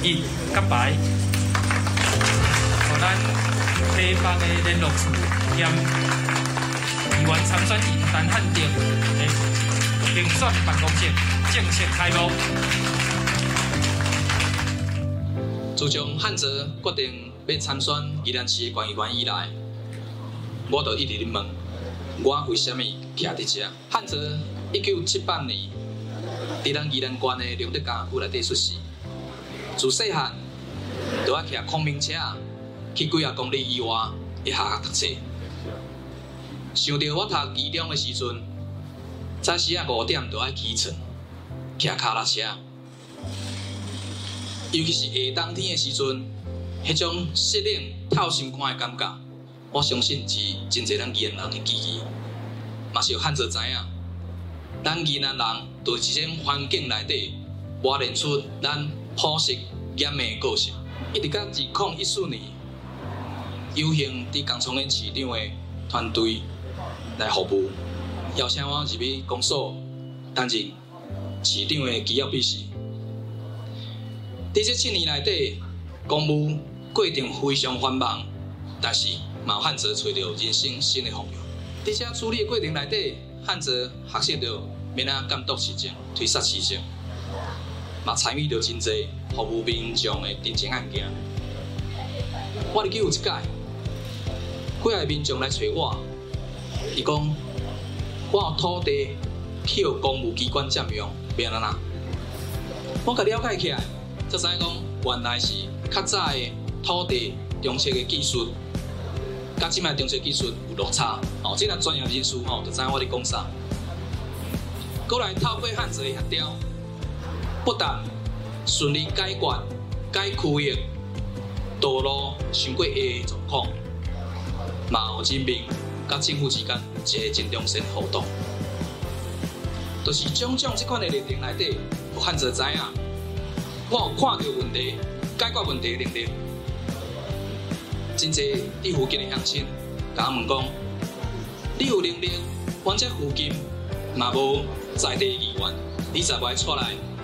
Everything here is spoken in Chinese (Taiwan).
一，告白，和咱地方的聯絡處兼議員參選陳漢澤的競選辦公室正式開幕。自從漢澤決定要參選宜蘭市的官員以來，我倒一直在問：我為什麼站在這？漢澤，一九七八年在咱宜蘭縣的劉德剛屋裡底出世。自細漢，着愛騎孔明車去幾啊公里以外去下下讀冊。想到我讀高中誒時陣，早時啊五點着愛起床，騎卡拉車。尤其是下冬天誒時陣，迄種濕冷透心肝誒感覺，我相信是真濟人宜蘭人個記憶，嘛，是有漢族知影。咱宜蘭人佇即種環境內底，磨練出咱。樸實、嚴的故事，一直到二零一四年，有幸在江聰的市長的團隊來服務。邀請我入邊工作，但是市長的機要秘書。在這七年內底，公務過程非常繁忙，但是嘛漢澤找到人生新的方向。在這處理的過程內底，漢澤學習到明阿監督市場，推卸市場。嘛，參與着真濟服務民眾的偵查案件。我哩記有一擺，幾下民眾來找我，伊講我土地去公務機關占用，免哪哪？我甲了解起來，才知講原來是較早的土地丈量的技術，甲這馬丈量技術有落差。哦，即個專業人士吼，就知我哩講啥。過來偷窺漢澤的黑雕。不但順利解決該區域道路傷過矮的狀況，也有人民甲政府之間一個真良性互動。就是種種即款的熱情內底，有害者知影，我,我有看到問題，解決問題的能力，真濟佇附近的鄉親甲我講：你有能力，咱只附近嘛無在地議員，你才袂出來。